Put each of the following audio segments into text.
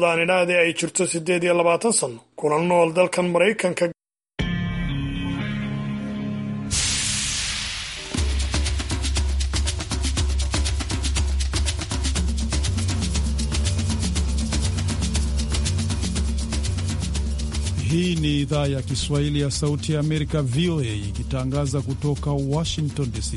Daaninade ay jirto sideed iyo labaatan sano kuna nool dalkan Maraykanka. Hii ni idhaa ya Kiswahili ya Sauti ya Amerika, VOA, ikitangaza kutoka Washington DC.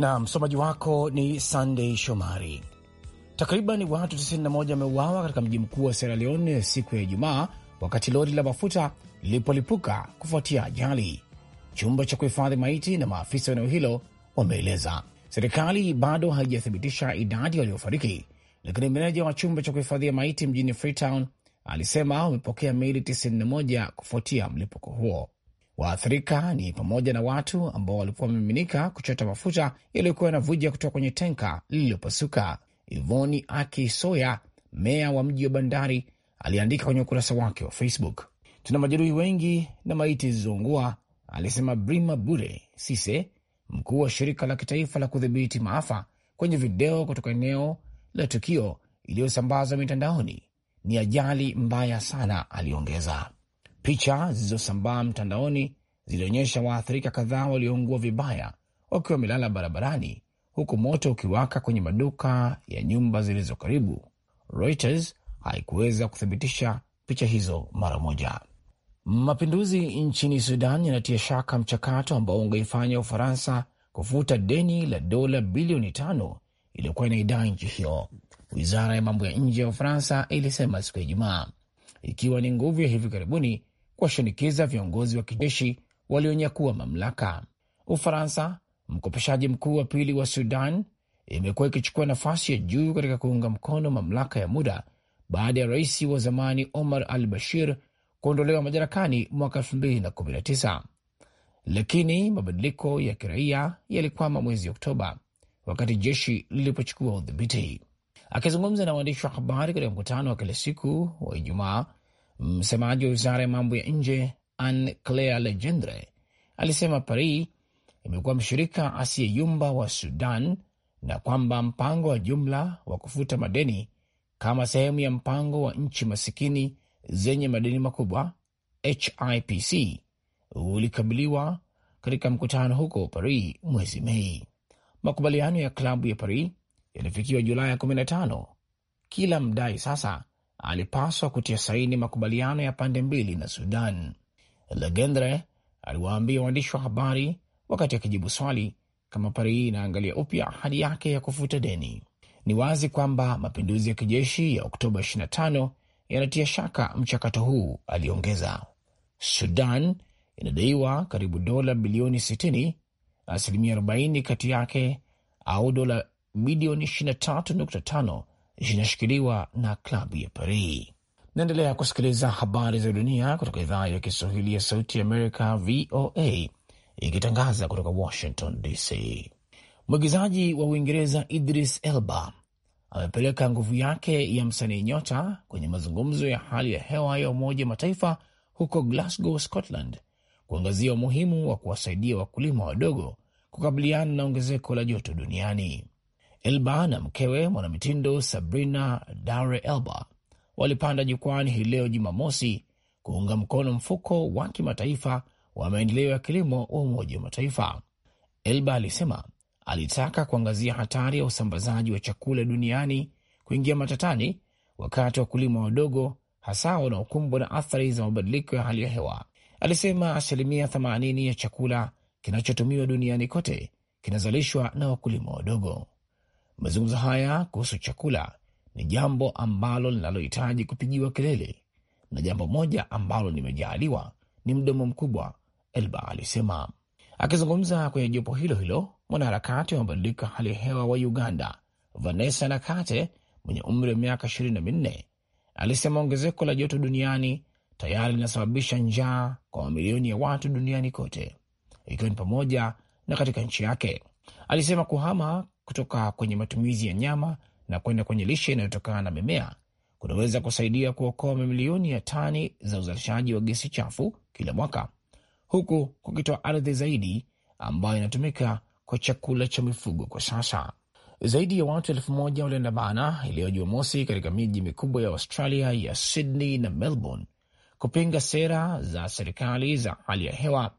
na msomaji wako ni Sandey Shomari. Takriban watu 91 wameuawa katika mji mkuu wa Sierra Leone siku ya Ijumaa wakati lori la mafuta lilipolipuka kufuatia ajali, chumba cha kuhifadhi maiti na maafisa wa eneo hilo wameeleza. Serikali bado haijathibitisha idadi waliofariki, lakini meneja wa chumba cha kuhifadhia maiti mjini Freetown alisema wamepokea miili 91 kufuatia mlipuko huo. Waathirika ni pamoja na watu ambao walikuwa wamemiminika kuchota mafuta yaliyokuwa yanavuja kutoka kwenye tenka lililopasuka. Ivoni Aki Soya, meya wa mji wa bandari, aliandika kwenye ukurasa wake wa Facebook, tuna majeruhi wengi na maiti zilizoungua, alisema Brima Bure Sise, mkuu wa shirika la kitaifa la kudhibiti maafa, kwenye video kutoka eneo la tukio iliyosambazwa mitandaoni. Ni ajali mbaya sana, aliongeza. Picha zilizosambaa mtandaoni zilionyesha waathirika kadhaa walioungua vibaya wakiwa wamelala barabarani huku moto ukiwaka kwenye maduka ya nyumba zilizo karibu. Reuters haikuweza kuthibitisha picha hizo mara moja. Mapinduzi nchini Sudan yanatia shaka mchakato ambao ungeifanya Ufaransa kufuta deni la dola bilioni tano iliyokuwa inaidai nchi hiyo, wizara ya mambo ya nje ya Ufaransa ilisema siku ya Ijumaa, ikiwa ni nguvu ya hivi karibuni kuwashinikiza viongozi wa kijeshi walionyakua mamlaka. Ufaransa, mkopeshaji mkuu wa pili wa Sudan, imekuwa ikichukua nafasi ya juu katika kuunga mkono mamlaka ya muda baada ya rais wa zamani Omar al Bashir kuondolewa madarakani mwaka 2019 lakini mabadiliko ya kiraia yalikwama mwezi Oktoba wakati jeshi lilipochukua udhibiti. Akizungumza na waandishi wa habari katika mkutano wa kila siku wa Ijumaa Msemaji wa wizara ya mambo ya nje Anne Claire Legendre alisema Paris imekuwa mshirika asiyeyumba wa Sudan na kwamba mpango wa jumla wa kufuta madeni kama sehemu ya mpango wa nchi masikini zenye madeni makubwa HIPC ulikabiliwa katika mkutano huko Paris mwezi Mei. Makubaliano ya klabu ya Paris yalifikiwa Julai 15. Kila mdai sasa alipaswa kutia saini makubaliano ya pande mbili na Sudan. Legendre aliwaambia waandishi wa habari wakati akijibu swali kama Paris inaangalia upya ahadi yake ya kufuta deni. Ni wazi kwamba mapinduzi ya kijeshi ya Oktoba 25 yanatia shaka mchakato huu, aliongeza. Sudan inadaiwa karibu dola bilioni 60, asilimia 40 kati yake au dola milioni 23.5 zinashikiliwa na klabu ya Paris. Naendelea kusikiliza habari za dunia kutoka idhaa ya Kiswahili ya Sauti ya Amerika, VOA, ikitangaza kutoka Washington DC. Mwigizaji wa Uingereza Idris Elba amepeleka nguvu yake ya msanii nyota kwenye mazungumzo ya hali ya hewa ya Umoja Mataifa huko Glasgow, Scotland, kuangazia umuhimu wa kuwasaidia wakulima wadogo kukabiliana na ongezeko la joto duniani. Elba na mkewe mwanamitindo Sabrina Dare Elba walipanda jukwani hii leo Jumamosi kuunga mkono mfuko wa kimataifa wa maendeleo ya kilimo wa Umoja wa Mataifa. Elba alisema alitaka kuangazia hatari ya usambazaji wa chakula duniani kuingia matatani wakati wakulima wadogo hasa wanaokumbwa na athari za mabadiliko ya hali ya hewa. Alisema asilimia 80 ya chakula kinachotumiwa duniani kote kinazalishwa na wakulima wadogo. Mazungumzo haya kuhusu chakula ni jambo ambalo linalohitaji kupigiwa kelele na jambo moja ambalo limejaaliwa ni mdomo mkubwa, Elba alisema. Akizungumza kwenye jopo hilo hilo, mwanaharakati wa mabadiliko ya hali ya hewa wa Uganda Vanessa Nakate mwenye umri wa miaka ishirini na minne alisema ongezeko la joto duniani tayari linasababisha njaa kwa mamilioni ya watu duniani kote, ikiwa ni pamoja na katika nchi yake. Alisema kuhama kutoka kwenye matumizi ya nyama na kwenda kwenye lishe inayotokana na mimea kunaweza kusaidia kuokoa mamilioni ya tani za uzalishaji wa gesi chafu kila mwaka, huku kukitoa ardhi zaidi ambayo inatumika kwa chakula cha mifugo kwa sasa. Zaidi ya watu elfu moja waliandamana iliyo Jumamosi katika miji mikubwa ya Australia ya Sydney na Melbourne kupinga sera za serikali za hali ya hewa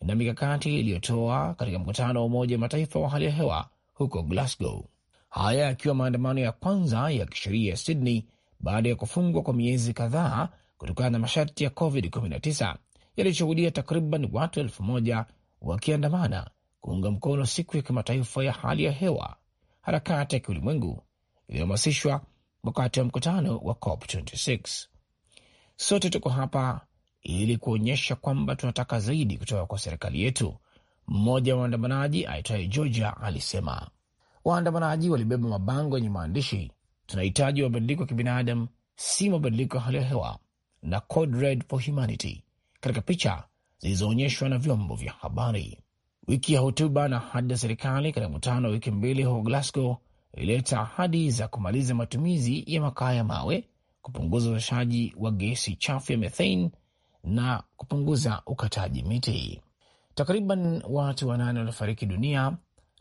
na mikakati iliyotoa katika mkutano wa Umoja wa Mataifa wa hali ya hewa huko Glasgow. Haya yakiwa maandamano ya kwanza ya kisheria ya Sydney baada ya kufungwa kwa miezi kadhaa kutokana na masharti ya COVID-19 yaliyoshuhudia takriban watu elfu moja wakiandamana kuunga mkono siku ya kimataifa ya hali ya hewa, harakati ya kiulimwengu iliyohamasishwa wakati wa mkutano wa COP 26. Sote tuko hapa ili kuonyesha kwamba tunataka zaidi kutoka kwa serikali yetu, mmoja wa waandamanaji aitwaye Georgia alisema. Waandamanaji walibeba mabango yenye maandishi tunahitaji mabadiliko ya kibinadamu, si mabadiliko ya hali ya hewa na Code Red for Humanity, katika picha zilizoonyeshwa na vyombo vya habari. Wiki ya hotuba na ahadi ya serikali katika mkutano wa wiki mbili huko Glasgow ilileta ahadi za kumaliza matumizi ya makaa ya mawe, kupunguza uzalishaji wa gesi chafu ya methane na kupunguza ukataji miti. Takriban watu wanane walifariki dunia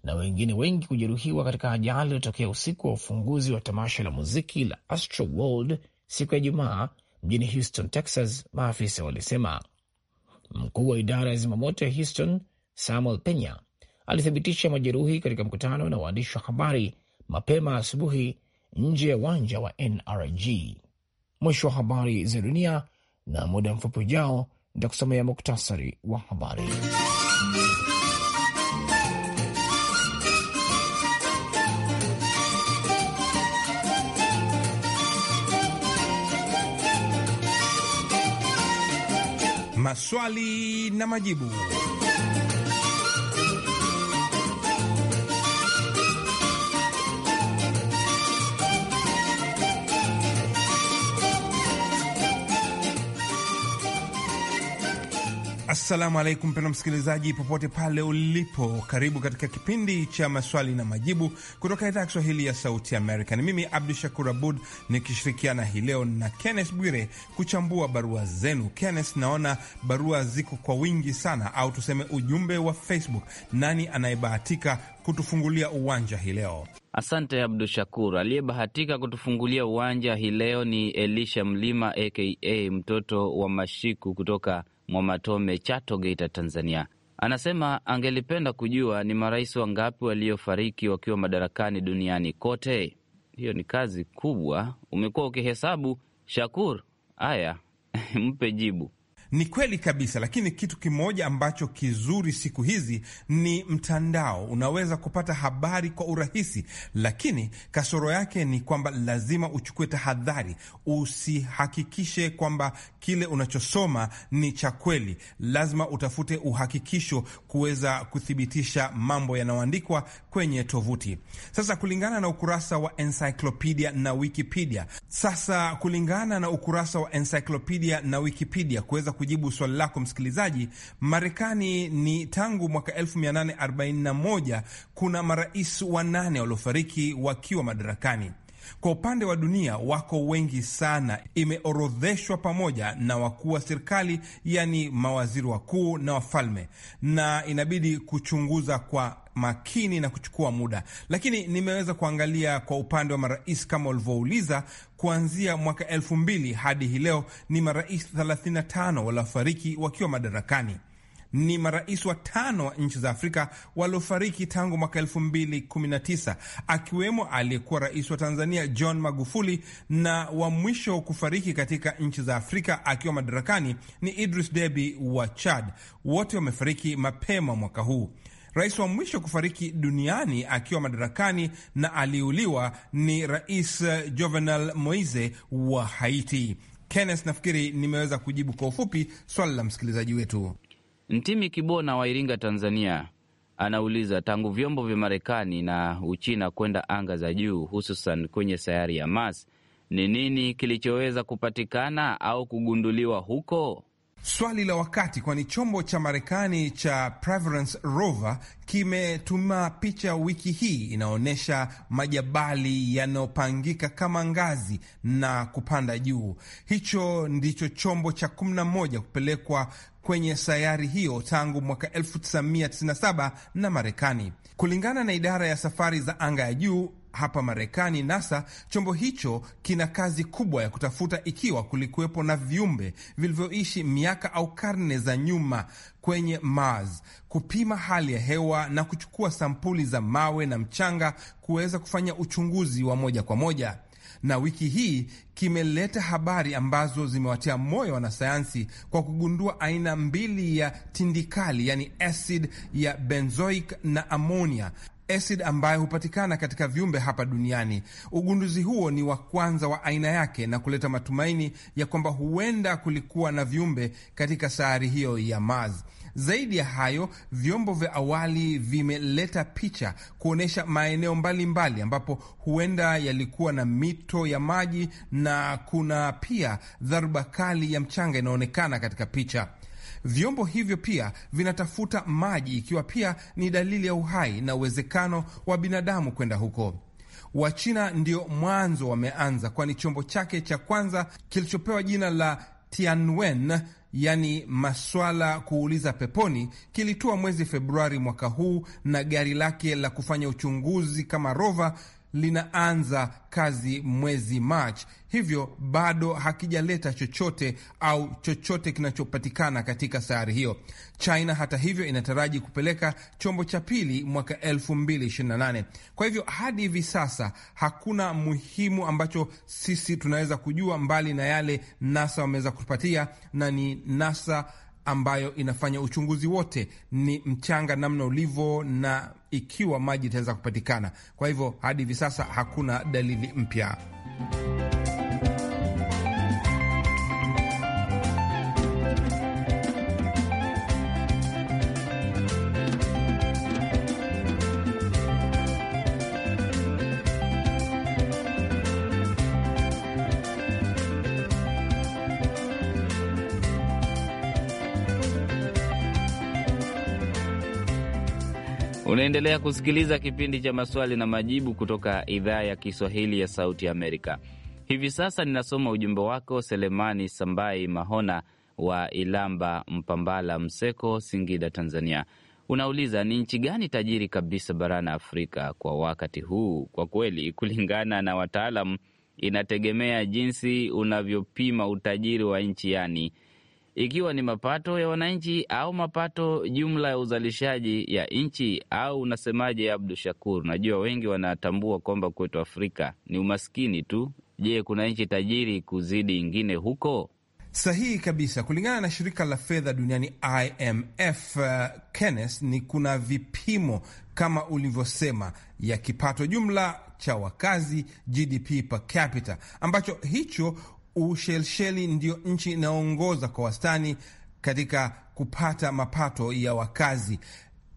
na wengine wengi kujeruhiwa katika ajali iliyotokea usiku wa ufunguzi wa tamasha la muziki la Astro World siku ya Jumaa mjini Houston, Texas, maafisa walisema. Mkuu wa idara ya zimamoto ya Houston Samuel Penya alithibitisha majeruhi katika mkutano na waandishi wa habari mapema asubuhi nje ya uwanja wa NRG. Mwisho wa habari za dunia na muda mfupi ujao nitakusomea muktasari wa habari. Maswali na majibu. Assalamu alaikum, pendo msikilizaji, popote pale ulipo, karibu katika kipindi cha maswali na majibu kutoka idhaa ya Kiswahili ya Sauti Amerika. Ni mimi Abdu Shakur Abud nikishirikiana hii leo na Kennes Bwire kuchambua barua zenu. Kennes, naona barua ziko kwa wingi sana, au tuseme ujumbe wa Facebook. Nani anayebahatika kutufungulia uwanja hii leo? Asante Abdu Shakur. Aliyebahatika kutufungulia uwanja hii leo ni Elisha Mlima aka mtoto wa Mashiku kutoka Mwamatome, Chato, Geita, Tanzania, anasema angelipenda kujua ni marais wangapi waliofariki wakiwa madarakani duniani kote. Hiyo ni kazi kubwa, umekuwa ukihesabu Shakur. aya mpe jibu. Ni kweli kabisa, lakini kitu kimoja ambacho kizuri siku hizi ni mtandao. Unaweza kupata habari kwa urahisi, lakini kasoro yake ni kwamba lazima uchukue tahadhari, usihakikishe kwamba kile unachosoma ni cha kweli. Lazima utafute uhakikisho kuweza kuthibitisha mambo yanayoandikwa kwenye tovuti. Sasa kulingana na ukurasa wa encyclopedia na Wikipedia, sasa kulingana na ukurasa wa encyclopedia na Wikipedia kuweza kujibu swali lako msikilizaji, Marekani ni tangu mwaka 1841 kuna marais wanane waliofariki wakiwa madarakani. Kwa upande wa dunia wako wengi sana, imeorodheshwa pamoja na wakuu wa serikali, yani mawaziri wakuu na wafalme, na inabidi kuchunguza kwa makini na kuchukua muda, lakini nimeweza kuangalia kwa upande wa marais kama ulivyouliza, kuanzia mwaka elfu mbili hadi hii leo ni marais 35 waliofariki wakiwa madarakani ni marais watano wa nchi za Afrika waliofariki tangu mwaka 2019 akiwemo aliyekuwa rais wa Tanzania John Magufuli, na wa mwisho kufariki katika nchi za Afrika akiwa madarakani ni Idris Deby wa Chad. Wote wamefariki mapema mwaka huu. Rais wa mwisho kufariki duniani akiwa madarakani na aliuliwa ni Rais eh, Jovenel Moise wa Haiti. Kenneth, nafikiri nimeweza kujibu kwa ufupi swali la msikilizaji wetu Mtimi Kibona wa Iringa, Tanzania. Anauliza, tangu vyombo vya Marekani na Uchina kwenda anga za juu, hususan kwenye sayari ya Mars, ni nini kilichoweza kupatikana au kugunduliwa huko? Swali la wakati, kwani chombo cha Marekani cha Perseverance Rover kimetuma picha wiki hii inaonyesha majabali yanayopangika kama ngazi na kupanda juu. Hicho ndicho chombo cha 11 kupelekwa kwenye sayari hiyo tangu mwaka 1997 na Marekani. Kulingana na idara ya safari za anga ya juu hapa Marekani, NASA chombo hicho kina kazi kubwa ya kutafuta ikiwa kulikuwepo na viumbe vilivyoishi miaka au karne za nyuma kwenye Mars, kupima hali ya hewa na kuchukua sampuli za mawe na mchanga kuweza kufanya uchunguzi wa moja kwa moja. Na wiki hii kimeleta habari ambazo zimewatia moyo wanasayansi kwa kugundua aina mbili ya tindikali, yani acid ya benzoic na amonia acid ambayo hupatikana katika viumbe hapa duniani. Ugunduzi huo ni wa kwanza wa aina yake na kuleta matumaini ya kwamba huenda kulikuwa na viumbe katika sayari hiyo ya Mars. Zaidi ya hayo, vyombo vya awali vimeleta picha kuonyesha maeneo mbalimbali mbali, ambapo huenda yalikuwa na mito ya maji na kuna pia dharuba kali ya mchanga inaonekana katika picha. Vyombo hivyo pia vinatafuta maji, ikiwa pia ni dalili ya uhai na uwezekano wa binadamu kwenda huko. Wachina ndio mwanzo wameanza, kwani chombo chake cha kwanza kilichopewa jina la Tianwen yaani maswala kuuliza peponi, kilitua mwezi Februari mwaka huu, na gari lake la kufanya uchunguzi kama rova linaanza kazi mwezi Machi, hivyo bado hakijaleta chochote au chochote kinachopatikana katika sayari hiyo. China hata hivyo inataraji kupeleka chombo cha pili mwaka 2028. Kwa hivyo hadi hivi sasa hakuna muhimu ambacho sisi tunaweza kujua mbali na yale NASA wameweza kutupatia na ni NASA ambayo inafanya uchunguzi wote ni mchanga namna ulivyo na ikiwa maji itaweza kupatikana. Kwa hivyo hadi hivi sasa hakuna dalili mpya. Unaendelea kusikiliza kipindi cha maswali na majibu kutoka idhaa ya Kiswahili ya Sauti Amerika. Hivi sasa ninasoma ujumbe wako Selemani Sambai Mahona wa Ilamba, Mpambala, Mseko, Singida, Tanzania. Unauliza, ni nchi gani tajiri kabisa barani Afrika kwa wakati huu? Kwa kweli, kulingana na wataalam inategemea jinsi unavyopima utajiri wa nchi, yani ikiwa ni mapato ya wananchi au mapato jumla ya uzalishaji ya nchi, au unasemaje, Abdu Shakur? Najua wengi wanatambua kwamba kwetu Afrika ni umaskini tu. Je, kuna nchi tajiri kuzidi ingine huko? Sahihi kabisa. Kulingana na shirika la fedha duniani IMF, uh, Kenneth, ni kuna vipimo kama ulivyosema ya kipato jumla cha wakazi GDP per capita, ambacho hicho Ushelsheli ndiyo nchi inayoongoza kwa wastani katika kupata mapato ya wakazi.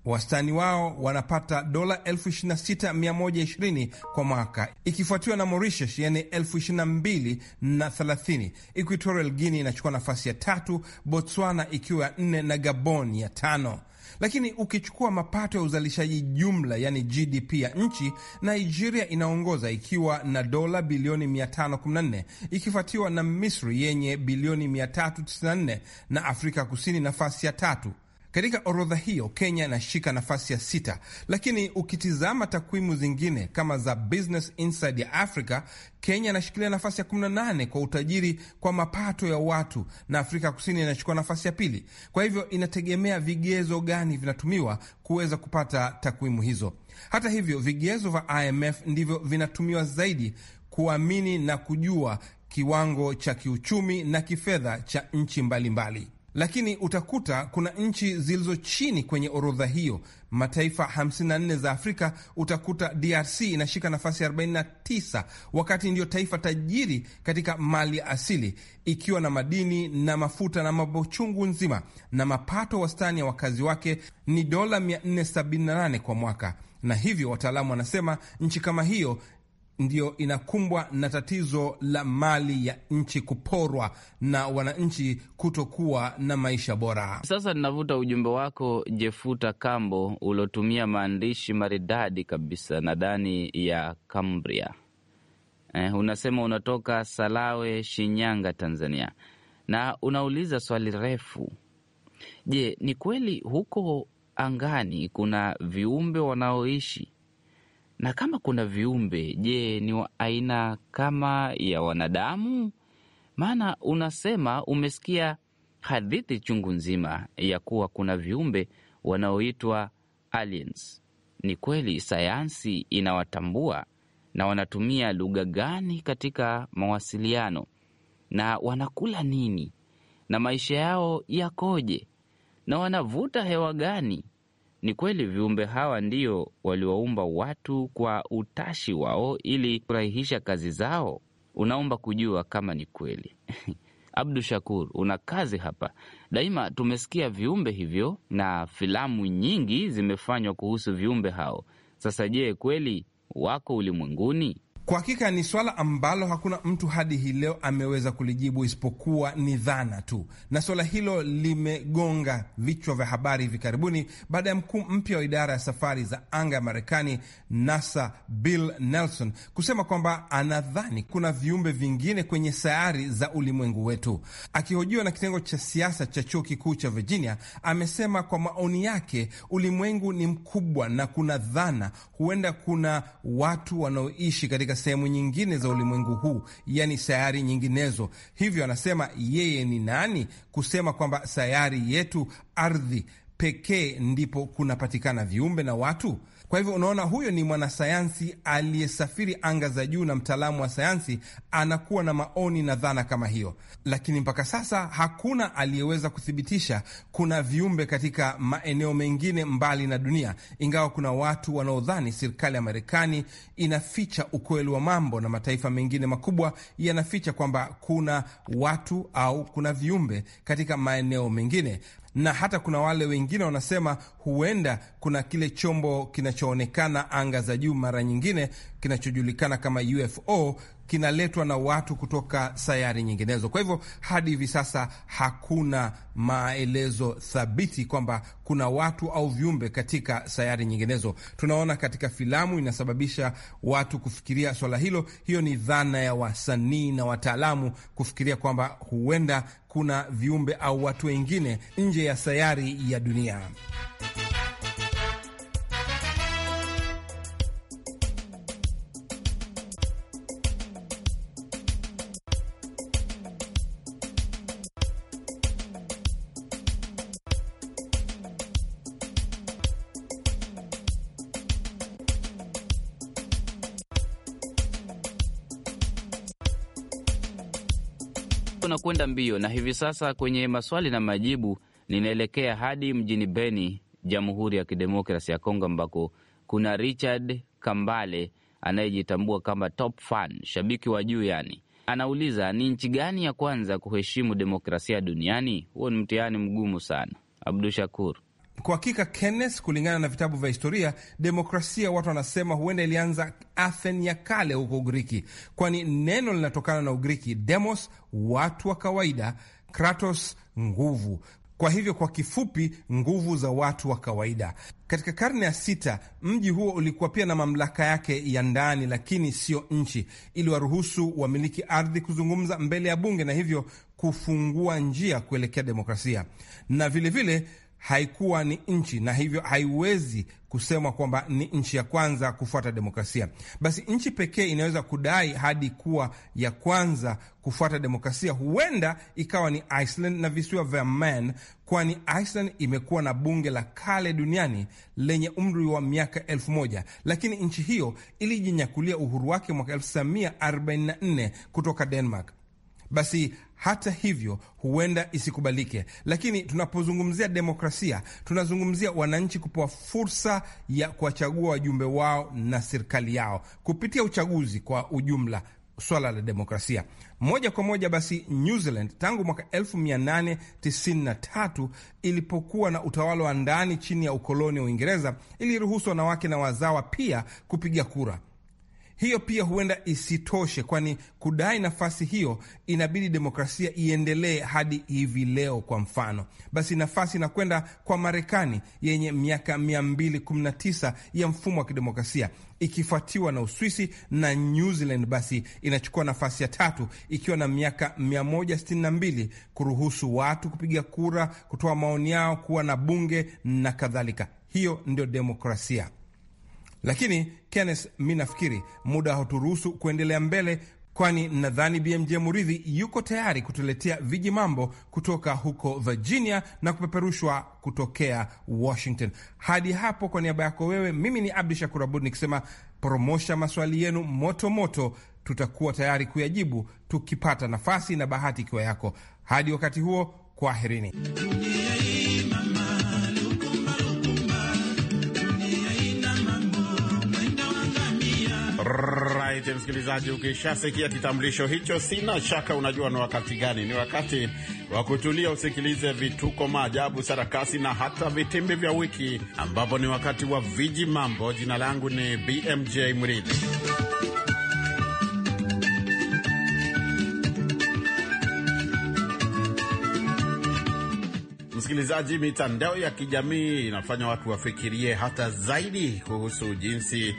Wastani wao wanapata dola 26120 kwa mwaka, ikifuatiwa na Mauritius yani 22030. Equatorial Guinea inachukua nafasi ya tatu, Botswana ikiwa ya nne na Gabon ya tano. Lakini ukichukua mapato ya uzalishaji jumla, yani GDP ya nchi, Nigeria inaongoza ikiwa na dola bilioni 514 ikifuatiwa na Misri yenye bilioni 394 na Afrika Kusini nafasi ya tatu katika orodha hiyo Kenya inashika nafasi ya sita, lakini ukitizama takwimu zingine kama za Business Inside ya Africa, Kenya inashikilia nafasi ya 18 kwa utajiri kwa mapato ya watu na Afrika Kusini inachukua nafasi ya pili. Kwa hivyo inategemea vigezo gani vinatumiwa kuweza kupata takwimu hizo. Hata hivyo, vigezo vya IMF ndivyo vinatumiwa zaidi kuamini na kujua kiwango cha kiuchumi na kifedha cha nchi mbalimbali mbali lakini utakuta kuna nchi zilizo chini kwenye orodha hiyo. Mataifa 54 za Afrika utakuta DRC inashika nafasi 49, wakati ndiyo taifa tajiri katika mali asili, ikiwa na madini na mafuta na mambo chungu nzima, na mapato wastani ya wakazi wake ni dola 478 kwa mwaka na hivyo wataalamu wanasema nchi kama hiyo ndiyo inakumbwa na tatizo la mali ya nchi kuporwa na wananchi kutokuwa na maisha bora. Sasa ninavuta ujumbe wako Jefuta Kambo uliotumia maandishi maridadi kabisa, nadhani ya Cambria. Eh, unasema unatoka Salawe, Shinyanga, Tanzania, na unauliza swali refu. Je, ni kweli huko angani kuna viumbe wanaoishi na kama kuna viumbe, je, ni wa aina kama ya wanadamu? Maana unasema umesikia hadithi chungu nzima ya kuwa kuna viumbe wanaoitwa aliens. Ni kweli sayansi inawatambua na wanatumia lugha gani katika mawasiliano na wanakula nini na maisha yao yakoje na wanavuta hewa gani? Ni kweli viumbe hawa ndio walioumba watu kwa utashi wao ili kurahisisha kazi zao? Unaomba kujua kama ni kweli. Abdu Shakur, una kazi hapa. Daima tumesikia viumbe hivyo na filamu nyingi zimefanywa kuhusu viumbe hao. Sasa je, kweli wako ulimwenguni? Kwa hakika ni swala ambalo hakuna mtu hadi hii leo ameweza kulijibu isipokuwa ni dhana tu, na swala hilo limegonga vichwa vya habari hivi karibuni baada ya mkuu mpya wa idara ya safari za anga ya Marekani NASA Bill Nelson kusema kwamba anadhani kuna viumbe vingine kwenye sayari za ulimwengu wetu. Akihojiwa na kitengo cha siasa cha chuo kikuu cha Virginia, amesema kwa maoni yake ulimwengu ni mkubwa na kuna dhana huenda kuna watu wanaoishi katika katika sehemu nyingine za ulimwengu huu, yani sayari nyinginezo. Hivyo anasema yeye ni nani kusema kwamba sayari yetu ardhi pekee ndipo kunapatikana viumbe na watu? Kwa hivyo unaona, huyo ni mwanasayansi aliyesafiri anga za juu na mtaalamu wa sayansi anakuwa na maoni na dhana kama hiyo, lakini mpaka sasa hakuna aliyeweza kuthibitisha kuna viumbe katika maeneo mengine mbali na dunia, ingawa kuna watu wanaodhani serikali ya Marekani inaficha ukweli wa mambo na mataifa mengine makubwa yanaficha kwamba kuna watu au kuna viumbe katika maeneo mengine na hata kuna wale wengine wanasema huenda kuna kile chombo kinachoonekana anga za juu mara nyingine kinachojulikana kama UFO kinaletwa na watu kutoka sayari nyinginezo. Kwa hivyo hadi hivi sasa hakuna maelezo thabiti kwamba kuna watu au viumbe katika sayari nyinginezo. Tunaona katika filamu inasababisha watu kufikiria swala hilo. Hiyo ni dhana ya wasanii na wataalamu kufikiria kwamba huenda kuna viumbe au watu wengine nje ya sayari ya dunia. inakwenda mbio, na hivi sasa kwenye maswali na majibu ninaelekea hadi mjini Beni, Jamhuri ya Kidemokrasi ya Kongo, ambako kuna Richard Kambale anayejitambua kama top fan, shabiki wa juu yani. Anauliza, ni nchi gani ya kwanza kuheshimu demokrasia duniani? Huo ni mtihani mgumu sana. Abdu Shakur, kwa hakika Kenneth, kulingana na vitabu vya historia, demokrasia watu wanasema huenda ilianza Athens ya kale huko Ugiriki, kwani neno linatokana na Ugiriki demos, watu wa kawaida, kratos, nguvu. Kwa hivyo kwa kifupi, nguvu za watu wa kawaida. Katika karne ya sita, mji huo ulikuwa pia na mamlaka yake ya ndani, lakini siyo nchi. Iliwaruhusu wamiliki ardhi kuzungumza mbele ya bunge na hivyo kufungua njia kuelekea demokrasia na vilevile vile, haikuwa ni nchi na hivyo haiwezi kusema kwamba ni nchi ya kwanza kufuata demokrasia. Basi nchi pekee inaweza kudai hadi kuwa ya kwanza kufuata demokrasia huenda ikawa ni Iceland na visiwa vya Man, kwani Iceland imekuwa na bunge la kale duniani lenye umri wa miaka elfu moja lakini nchi hiyo ilijinyakulia uhuru wake mwaka 1944 kutoka Denmark. Basi hata hivyo huenda isikubalike, lakini tunapozungumzia demokrasia tunazungumzia wananchi kupewa fursa ya kuwachagua wajumbe wao na serikali yao kupitia uchaguzi kwa ujumla. Swala la demokrasia moja kwa moja. Basi New Zealand tangu mwaka 1893 ilipokuwa na utawala wa ndani chini ya ukoloni wa Uingereza, iliruhusu wanawake na wazawa pia kupiga kura. Hiyo pia huenda isitoshe, kwani kudai nafasi hiyo inabidi demokrasia iendelee hadi hivi leo. Kwa mfano basi, nafasi inakwenda kwa Marekani yenye miaka 219 ya mfumo wa kidemokrasia ikifuatiwa na Uswisi na New Zealand basi inachukua nafasi ya tatu ikiwa na miaka 162 kuruhusu watu kupiga kura, kutoa maoni yao, kuwa na bunge na kadhalika. Hiyo ndio demokrasia. Lakini Kenneth, mi nafikiri muda hauturuhusu kuendelea mbele, kwani nadhani BMJ Muridhi yuko tayari kutuletea viji mambo kutoka huko Virginia na kupeperushwa kutokea Washington. Hadi hapo, kwa niaba yako wewe, mimi ni Abdu Shakur Abud nikisema promosha maswali yenu moto moto, tutakuwa tayari kuyajibu tukipata nafasi na bahati ikiwa yako. Hadi wakati huo, kwaherini. right, msikilizaji, ukishasikia kitambulisho hicho, sina shaka unajua ni wakati gani. Ni wakati wa kutulia, usikilize vituko, maajabu, sarakasi na hata vitimbi vya wiki, ambapo ni wakati wa viji mambo. Jina langu ni BMJ Mridhi. Msikilizaji, mitandao ya kijamii inafanya watu wafikirie hata zaidi kuhusu jinsi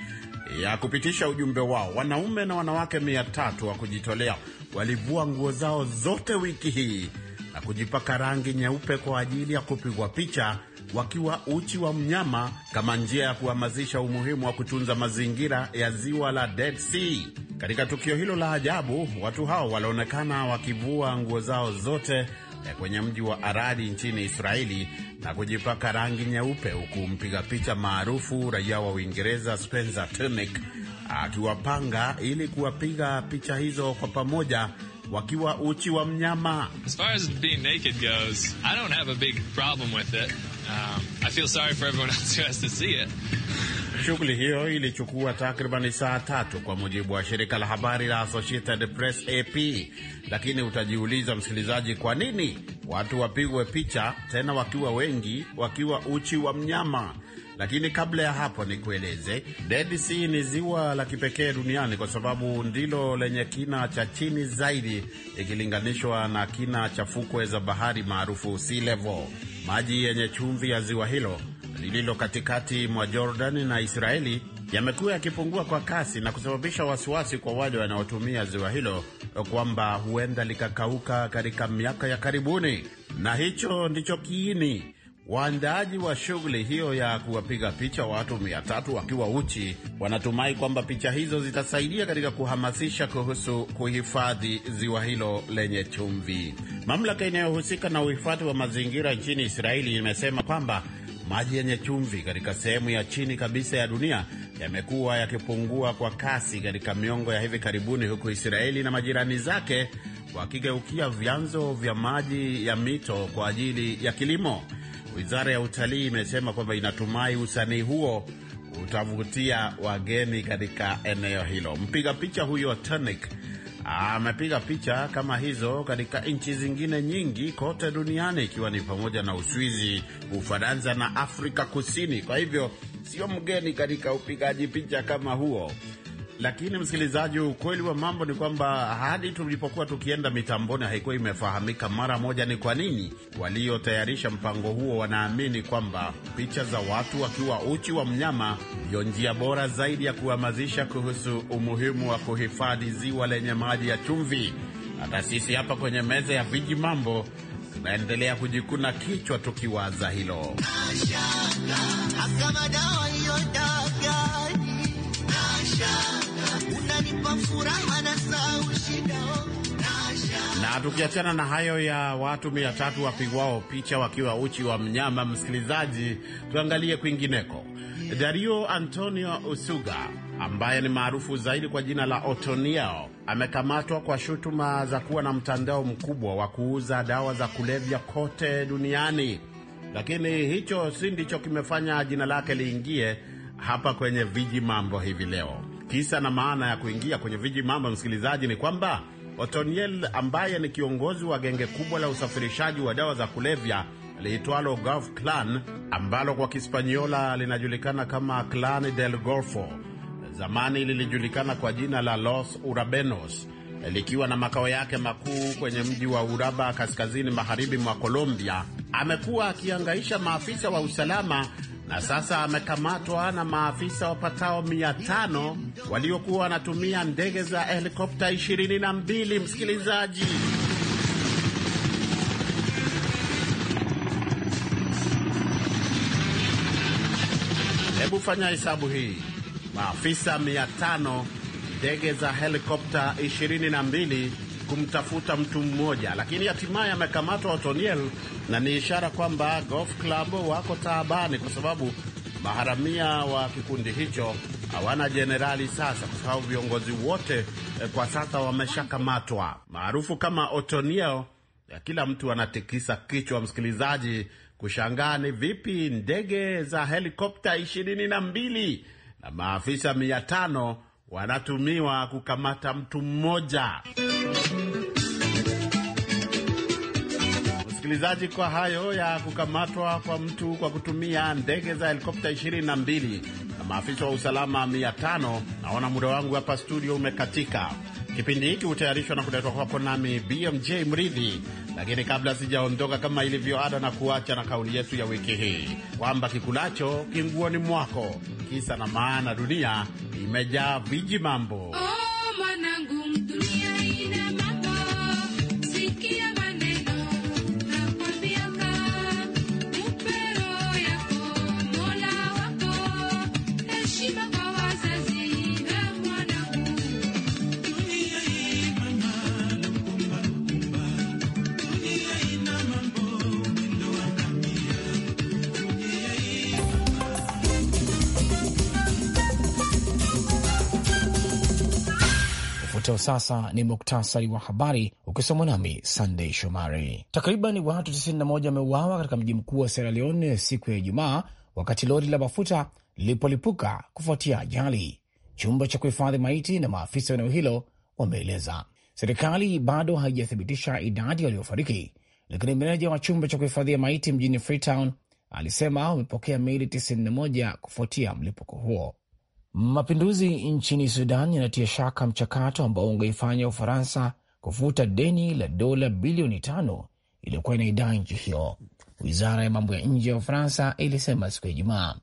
ya kupitisha ujumbe wao. Wanaume na wanawake mia tatu wa kujitolea walivua nguo zao zote wiki hii na kujipaka rangi nyeupe kwa ajili ya kupigwa picha wakiwa uchi wa mnyama kama njia ya kuhamasisha umuhimu wa kutunza mazingira ya ziwa la Dead Sea. Katika tukio hilo la ajabu, watu hao walionekana wakivua nguo zao zote kwenye mji wa Aradi nchini Israeli na kujipaka rangi nyeupe, huku mpiga picha maarufu raia wa Uingereza Spencer Tunick akiwapanga ili kuwapiga picha hizo kwa pamoja wakiwa uchi wa mnyama. As far as being naked goes, I don't have a big problem with it. Um, I feel sorry for everyone else who has to see it. Shughuli hiyo ilichukua takriban saa tatu kwa mujibu wa shirika la habari la Associated Press AP. Lakini utajiuliza msikilizaji, kwa nini watu wapigwe picha tena wakiwa wengi, wakiwa uchi wa mnyama? Lakini kabla ya hapo nikueleze, Dead Sea ni ziwa la kipekee duniani kwa sababu ndilo lenye kina cha chini zaidi ikilinganishwa na kina cha fukwe za bahari maarufu sea level. Maji yenye chumvi ya ziwa hilo lililo katikati mwa Jordan na Israeli yamekuwa yakipungua kwa kasi na kusababisha wasiwasi kwa wale wanaotumia ziwa hilo kwamba huenda likakauka katika miaka ya karibuni, na hicho ndicho kiini waandaaji wa shughuli hiyo ya kuwapiga picha watu mia tatu wakiwa uchi wanatumai kwamba picha hizo zitasaidia katika kuhamasisha kuhusu kuhifadhi ziwa hilo lenye chumvi. Mamlaka inayohusika na uhifadhi wa mazingira nchini Israeli imesema kwamba Maji yenye chumvi katika sehemu ya chini kabisa ya dunia yamekuwa yakipungua kwa kasi katika miongo ya hivi karibuni, huku Israeli na majirani zake wakigeukia vyanzo vya maji ya mito kwa ajili ya kilimo. Wizara ya utalii imesema kwamba inatumai usanii huo utavutia wageni katika eneo hilo. Mpiga picha huyo Tonic amepiga picha kama hizo katika nchi zingine nyingi kote duniani, ikiwa ni pamoja na Uswizi, Ufaransa na Afrika Kusini. Kwa hivyo sio mgeni katika upigaji picha kama huo. Lakini msikilizaji, ukweli wa mambo ni kwamba hadi tulipokuwa tukienda mitamboni haikuwa imefahamika mara moja ni kwa nini waliotayarisha mpango huo wanaamini kwamba picha za watu wakiwa uchi wa mnyama ndiyo njia bora zaidi ya kuhamasisha kuhusu umuhimu wa kuhifadhi ziwa lenye maji ya chumvi. Hata sisi hapa kwenye meza ya viji mambo tunaendelea kujikuna kichwa tukiwaza hilo. Na tukiachana na hayo ya watu mia tatu wapigwao picha wakiwa uchi wa mnyama, msikilizaji, tuangalie kwingineko. Dario Antonio Usuga ambaye ni maarufu zaidi kwa jina la Otoniel amekamatwa kwa shutuma za kuwa na mtandao mkubwa wa kuuza dawa za kulevya kote duniani, lakini hicho si ndicho kimefanya jina lake liingie hapa kwenye viji mambo hivi leo. Kisa na maana ya kuingia kwenye viji mambo, msikilizaji, ni kwamba Otoniel ambaye ni kiongozi wa genge kubwa la usafirishaji wa dawa za kulevya liitwalo Gulf Clan ambalo kwa Kispanyola linajulikana kama Clan del Golfo, zamani lilijulikana kwa jina la Los Urabenos, likiwa na makao yake makuu kwenye mji wa Uraba kaskazini magharibi mwa Colombia, amekuwa akiangaisha maafisa wa usalama na sasa amekamatwa na maafisa wapatao mia tano waliokuwa wanatumia ndege za helikopta 22. Msikilizaji, hebu fanya hesabu hii: maafisa mia tano, ndege za helikopta 22 kumtafuta mtu mmoja, lakini hatimaye amekamatwa Otoniel, na ni ishara kwamba Golf Club wako taabani, kwa sababu maharamia wa kikundi hicho hawana jenerali sasa, kwa sababu viongozi wote eh, kwa sasa wameshakamatwa. Maarufu kama Otoniel, eh, kila mtu anatikisa kichwa, msikilizaji, kushangaa ni vipi ndege za helikopta ishirini na mbili na maafisa mia tano wanatumiwa kukamata mtu mmoja. Msikilizaji, kwa hayo ya kukamatwa kwa mtu kwa kutumia ndege za helikopta 22 na maafisa wa usalama 500, naona muda wangu hapa studio umekatika. Kipindi hiki hutayarishwa na kuletwa kwako nami BMJ Mridhi, lakini kabla sijaondoka, kama ilivyo ada, na kuacha na kauli yetu ya wiki hii kwamba kikulacho kinguoni mwako, kisa na maana, dunia imejaa viji mambo. Ufuatao sasa ni muktasari wa habari ukisomwa nami Sandei Shomari. Takriban watu 91 wameuawa katika mji mkuu wa Sierra Leone siku ya Ijumaa wakati lori la mafuta lilipolipuka kufuatia ajali, chumba cha kuhifadhi maiti na maafisa wa eneo hilo wameeleza. Serikali bado haijathibitisha idadi waliofariki, lakini meneja wa chumba cha kuhifadhia maiti mjini Freetown alisema wamepokea miili 91 kufuatia mlipuko huo. Mapinduzi nchini Sudan yanatia shaka mchakato ambao ungeifanya Ufaransa kufuta deni la dola bilioni tano iliyokuwa inaidai nchi hiyo, wizara ya mambo ya nje ya Ufaransa ilisema siku ya Ijumaa,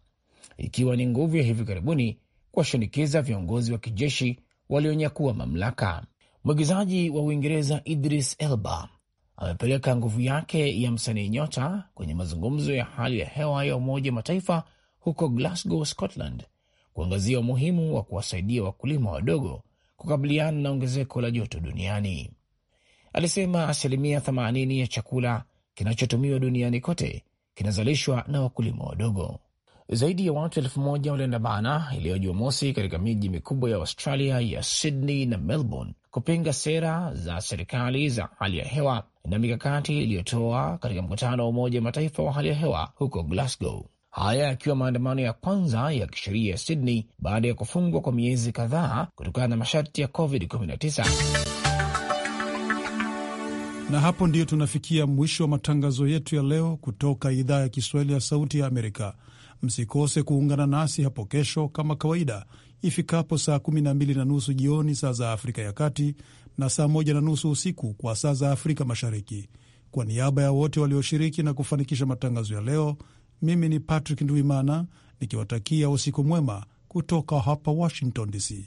ikiwa ni nguvu ya hivi karibuni kuwashinikiza viongozi wa kijeshi walionyakua mamlaka. Mwigizaji wa Uingereza Idris Elba amepeleka nguvu yake ya msanii nyota kwenye mazungumzo ya hali ya hewa ya Umoja Mataifa huko Glasgow, Scotland kuangazia umuhimu wa kuwasaidia wakulima wadogo kukabiliana na ongezeko la joto duniani. Alisema asilimia 80 ya chakula kinachotumiwa duniani kote kinazalishwa na wakulima wadogo. Zaidi ya watu elfu moja waliandamana iliyo Jumamosi katika miji mikubwa ya Australia ya Sydney na Melbourne kupinga sera za serikali za hali ya hewa na mikakati iliyotoa katika mkutano wa Umoja Mataifa wa hali ya hewa huko Glasgow haya yakiwa maandamano ya kwanza ya kisheria ya Sydney baada ya kufungwa kwa miezi kadhaa kutokana na masharti ya COVID-19. Na hapo ndiyo tunafikia mwisho wa matangazo yetu ya leo kutoka idhaa ya Kiswahili ya Sauti ya Amerika. Msikose kuungana nasi hapo kesho kama kawaida ifikapo saa 12 na nusu jioni saa za Afrika ya Kati na saa 1 na nusu usiku kwa saa za Afrika Mashariki. Kwa niaba ya wote walioshiriki na kufanikisha matangazo ya leo mimi ni Patrick nduimana nikiwatakia usiku mwema kutoka hapa Washington DC.